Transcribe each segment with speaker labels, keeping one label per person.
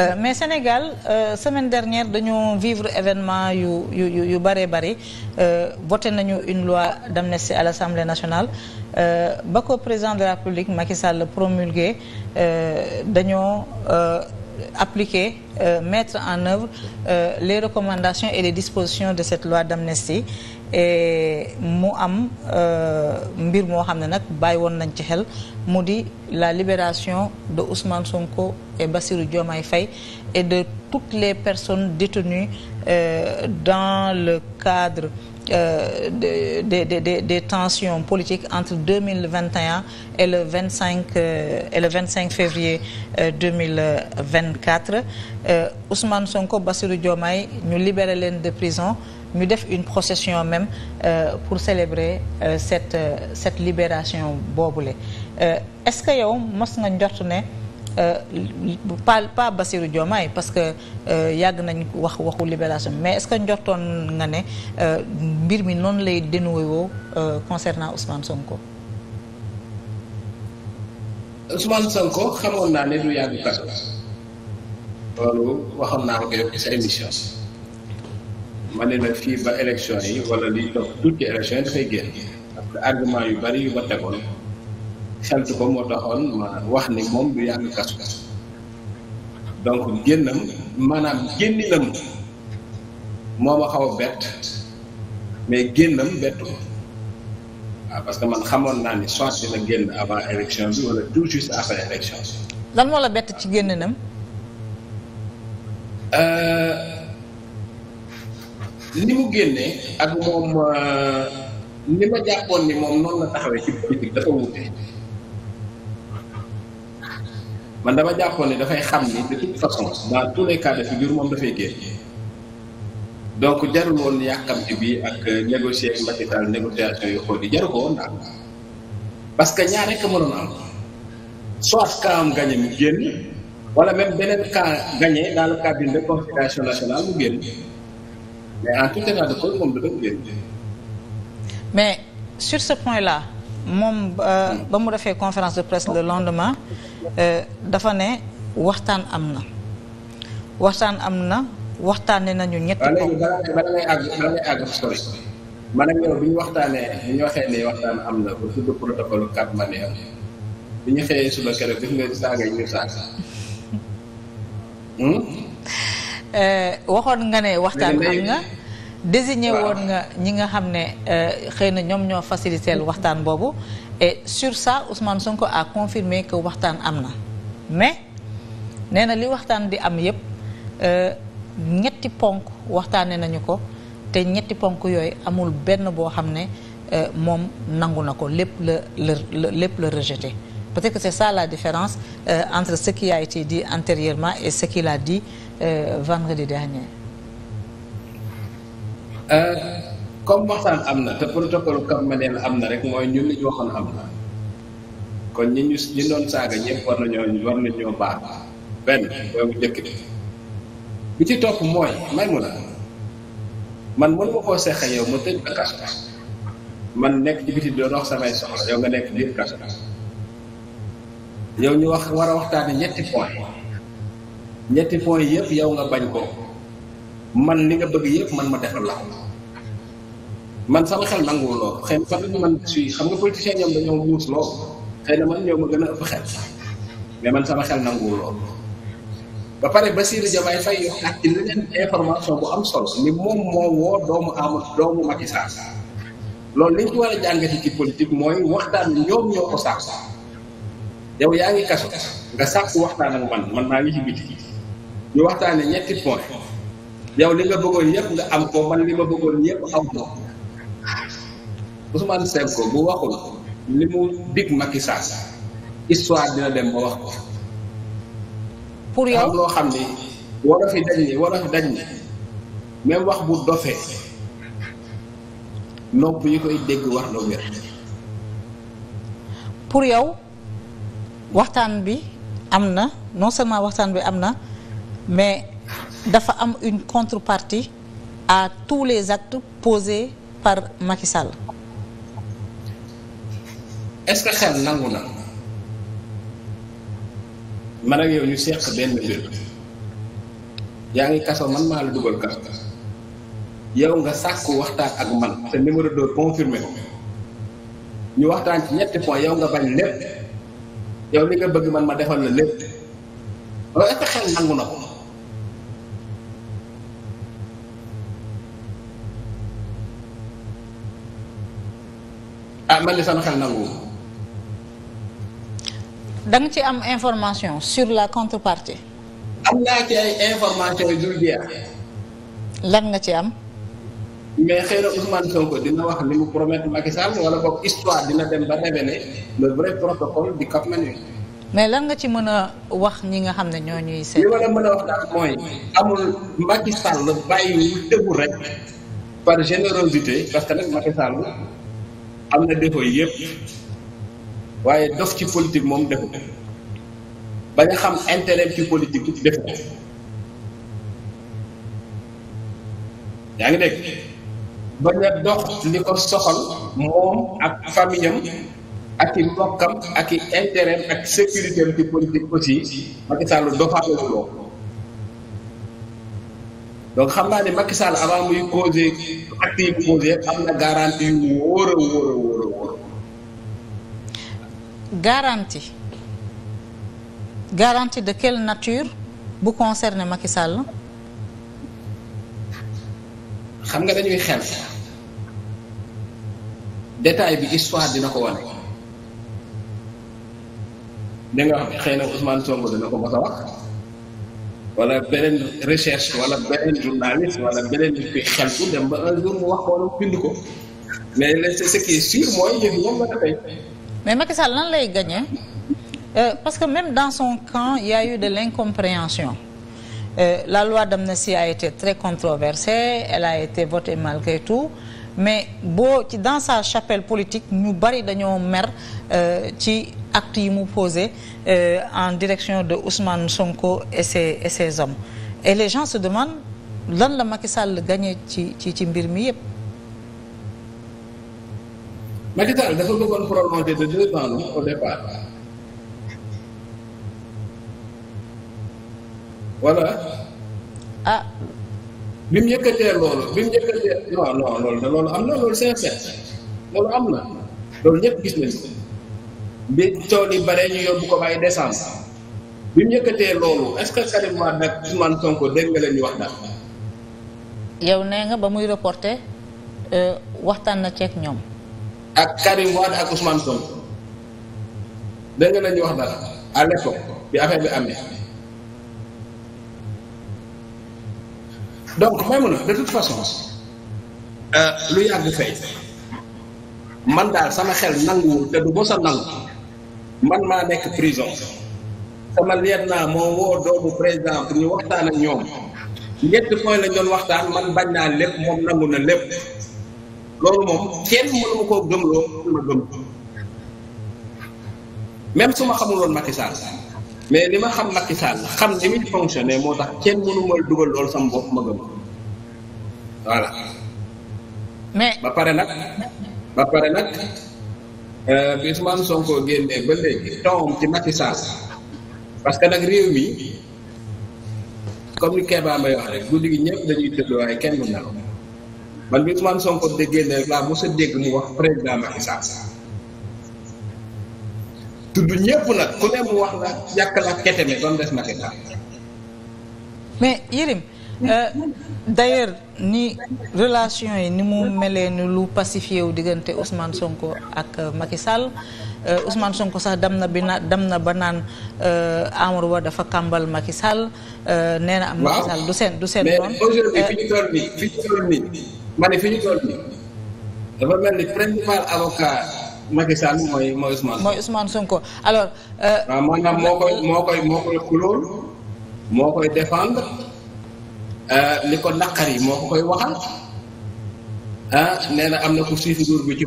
Speaker 1: Euh, mais Sénégal euh, semaine dernière dañoo vivre événement yu yu yu yu bëree bëri euh, voté nañu une loi d'amnistie à l'Assemblée nationale euh, ba ko président de la République Macky Sall promulgué dañoo. appliquer euh, mettre en œuvre euh, les recommandations et les dispositions de cette loi d'amnistie et mu am euh, mbir moo xam ne nag bàyyi woon nañ ci xel mu di la libération de Ousmane Sonko et Bassirou Diomaye Faye et de toutes les personnes détenues euh, dans le cadre des euh, des de, des tensions politiques entre deux mille vingt et le vingt cinq euh, et vingt cinq février euh, deux mille vingt quatre Ousmane Sonko Bassirou jomay ñu libéré leen de prison ñu def une procession même euh, pour célébrer cette cette libération boobule est-ce que yow mos nga njort ne. Euh, pas pas Bassirou Diomaye parce que euh, yàgg nañ wax waxu liberation mais est-ce que njortoon nga ne euh, mbir mi noonu lay dénoué woo concernant Ousmane Sonko.
Speaker 2: Ousmane Sonko xamoon naa ne du yàgg kaso loolu waxoon naa ko yow ci sa émission ma ne la fii ba élection yi wala liy toog tuuti élection yi dafay génn parce que argument yu bari yu ma tegoon. sant ko moo taxoon ma wax ni moom du yàgg kasu donc génnam maanaam génninam moo ma xaw a bett mais génnam bettu ma ah, parce que man xamoon naa ni soit la génn avant élection bi wala tout juste après élection bi.
Speaker 1: lan moo la bett ci génnam.
Speaker 2: Euh, ni mu génnee ak moom euh, ni ma jàppoon ni moom noonu la taxawee ci politique dafa wute. man dama jàppoon ne dafay xam ni de toute façon dans tous les cas de figure moom dafay génn donc jarul woon yàkkamti bi ak négocier ak Macky Sall négociation yu xool yi jaru ko parce que ñaar rek a am soit cas am mu génn wala même beneen cas gagné dans le cadre d'une réconciliation nationale mu génn mais en tout état de cause moom dafa génn.
Speaker 1: mais sur ce point là moom euh, hmm. ba mu defee conférence de presse le lendemain. Euh, dafa ne waxtaan am na waxtaan am na waxtaane nañu ñetti bopp. bala ngay àgg
Speaker 2: bala ngay àgg ñu waxtaanee bi waxtaan am na ba tudd hmm? euh, waxoon nga ne waxtaan am nga.
Speaker 1: désigné woon nga ñi nga xam ne euh, xëy na ñoom ñoo faciliter waxtaan boobu. et sur ça Ousmane Sonko a confirmé que waxtaan am na mais nee na li waxtaan di am yépp euh, ñetti ponk waxtaane nañu ko te ñetti ponk yooyu amul benn boo xam ne euh, moom nangu na ko lépp la la lépp la rejeté peut-être que c'est ça la différence euh, entre ce qui a été dit antérieurement et ce qu'il a dit euh, vendredi dernier.
Speaker 2: Euh, comme waxtaan am na te protocole Cap Manuel am na rek mooy ñun li ñu waxoon am na kon ñi ñu ñi doon saaga ñëpp war nañoo war nañoo baax benn boobu njëkk bi ci topp mooy may mu la man mënu ma koo seqe yow ma tëj la kaso man nekk ci biti doon wax samay soxla yow nga nekk biir kaso yow ñu wax war a waxtaane ñetti point ñetti point yëpp yow nga bañ ko man li nga bëgg yëpp man ma defal la man sama xel nanguwul lool xëy na peut man si xam nga politicien ñoom dañoo muus lool xëy na man ñoo ma gën a ëpp xel mais man sama xel nanguwul lool. ba pare Bassirou Diomaye Faye ak leneen information bu am solo ni moom moo woo doomu am doomu Macky Sall loolu liñ ci war a jàngati ci politique mooy waxtaan ñoom ñoo ko sàkku yow yaa ngi kaso nga sàkku waxtaan ak man man maa ngi ci biti ñu waxtaanee ñetti point yow li nga bëggoon yëpp nga am ko man li ma bëggoon yëpp Ousmane Sonko bu waxul li mu dig Macky Sall histoire dina dem ba pour yow loo xam ni wax bu dofee koy dégg wax
Speaker 1: na yow waxtaan bi am na non seulement waxtaan bi am na mais dafa am une contrepartie à tous les actes posés par Macky
Speaker 2: est-ce que xel nangu na man ak yow ñu seq benn mbir yaa ngi kaso man maa la dugal kaso yow nga sàkku waxtaan ak man te numéro deux confirmé ko ñu waxtaan ci ñetti point yow nga bañ lépp yow li nga bëgg man ma defal la lépp loolu est xel nangu na ko ah man li sama xel nangu
Speaker 1: danga ci am information sur la contrepartie.
Speaker 2: am naa ci ay information yu dul jeex.
Speaker 1: lan nga ci am.
Speaker 2: mais xëy na Ousmane Sonko dina wax li mu promettre Macky Sall wala boog histoire dina dem ba révéler le vrai protocole du
Speaker 1: mais lan nga ci mën a wax ñi nga xam ne ñoo ñuy seet. li ma la
Speaker 2: mën a wax daal mooy amul Macky Sall bàyyi wu déglu rek par générosité parce que nag Macky Sall am na défaut yëpp. waaye dof ci politique moom defu ko ba xam intérêt ci politique defu yaa ngi dégg ba nga dox li ko soxal moom ak famille ak i mbokkam ak i intérêt ak sécurité ci politique aussi Macky Sall doxaale loolu donc xam naa ne Macky Sall avant muy causé acte yi am na garantie yu wóor
Speaker 1: garanti garanti de quelle nature bu concerne Macky Sall.
Speaker 2: xam nga dañuy xel détail bi histoire dina ko wane. da nga xëy na Ousmane Sonko dina ko mos a wax wala beneen recherche wala beneen journaliste wala beneen nit kuy xeltu dem ba un jour mu wax wala bind ko mais ce qui est mooy yëf yëpp la tey.
Speaker 1: mais Macky Sall lan lay gagné euh, parce que même dans son camp il y a eu de l'incompréhension euh, la loi d'amnistie a été très controversée elle a été votée malgré tout mais boo ci dans sa chapelle politique ñu bari dañoo mer euh, ci acte yi mu posé en direction de Ousmane Sonko et ses et hommes et les gens se demandent lan la Macky Sall gagné ci ci ci mbir mi yépp
Speaker 2: Macky Sall dafa bëggoon prolonger de deux ans non au départ voilà. ah. bi mu yëkkatee loolu bi mu yëkkatee non loolu loolu am na loolu sincère am na loolu ñëpp gis nañu ko bi tool yi bare ñu yóbbu ko ba ay décembre bi mu yëkkatee loolu est-ce que Karim Wade nag Ousmane Sonko dégg leen ñu wax daal.
Speaker 1: yow nee nga ba muy reporté euh, waxtaan na ceeg ñoom.
Speaker 2: ak Karim Wade ak Ousmane Sonko nañu wax dara à bi affaire bi amee donc may mun a de toute façon euh, lu yàgg fay man daal sama xel nanguwul te du mos nangu man maa nekk prison sama leer naa moo woo doomu président pour ñu waxtaan ak ñoom ñetti point lañ doon waxtaan man bañ naa lépp moom nangu na lépp loolu moom kenn mënu koo gëm loo ma gëm même su ma xamuloon Macky Sall mais li ma xam Macky Sall xam li muy fonctionné moo tax kenn mënu dugal loolu sama bopp ma gëm voilà. ba pare nag ba pare nag euh, bi am Sonko génnee ba léegi tawam ci Macky Sall parce que nag réew mi comme ni Kéba may wax rek guddi gi ñëpp dañuy tëdd waaye kenn du nelaw. man bi Ousmane Sonko déggee ne laa mos a dégg mu wax président Macky Sall tudd ñëpp nag ku ne mu wax la yàq la keteme ba mu des Macky
Speaker 1: mais Yérim euh, ni relation yi ni mu melee ni lu pacifié wu diggante Ousmane Sonko ak euh, Macky Sall Uh, Sonko sax dem na bi dem na ba naan uh, Amadou Ba dafa kàmbal Macky Sall uh, nee na am. Macky Sall du seen du seen. doon mais aujourd'hui euh,
Speaker 2: nii fi nii ma ne fi ñu dafa mel ni principal avocat Macky mooy mooy Ousmane. mooy Ousmane Sonko alors. Euh, waaw maanaam moo koy moo koy moo moo koy défendre euh, li ko naqari yi ko koy waxal ah na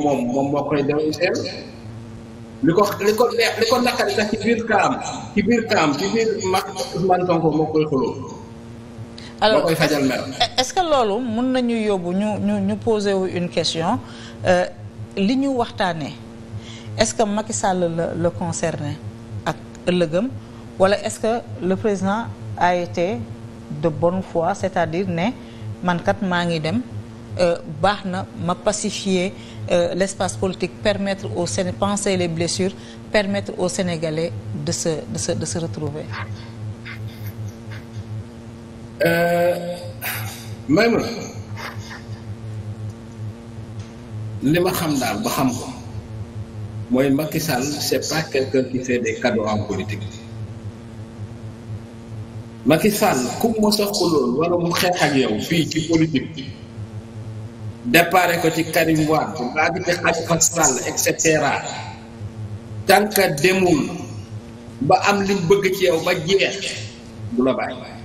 Speaker 2: moom moom moo koy demee li ko li ko li ko naqari sax ci biir kaam ci biir kaam ci biir mag Ousmane Sonko moo koy kulóol. alors koy
Speaker 1: est-ce que loolu mën nañu yóbbu ñu ñu ñu posé wu une question euh, li ñu waxtaanee est-ce que Macky Sall la la concerné ak ëllëgam wala est-ce que le président a été de bonne foi c'est-à-dire ne man kat maa ngi dem euh, baax na ma pacifier euh, l'espace politique permettre au Sénégalais les blessures permettre aux Sénégalais de se de se de retrouver
Speaker 2: may euh, ma li ma xam daal ba xam ko mooy makisal Sall c'est pas quelqu'un qui fait des cadeaux en politique Macky Sall ku mu mos a xuloon mu xeex ak yow fii ci politique déparé ko ci Karim Wade laa di Khalifa Sall et cetera tànka demul ba am li bëgg ci yow ba jeex du la bàyyi.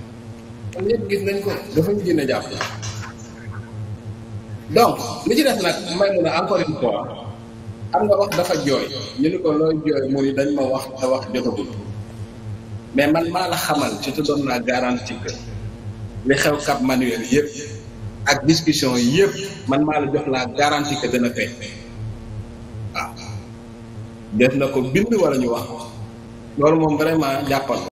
Speaker 2: kon ñëpp gis nañ ko dafa ñu gën a donc li ci def nag may mun a encore une fois am nga wax dafa jooy ñu ni ko looy jooy mu ni dañ ma wax te wax jotagul mais man maa la xamal ci te doon naa garantie que li xew Cap Manuel yëpp ak discussion yëpp man maa la jox laa garantie que dana feeñ waaw def na ko bind wala ñu wax loolu moom vraiment jàppal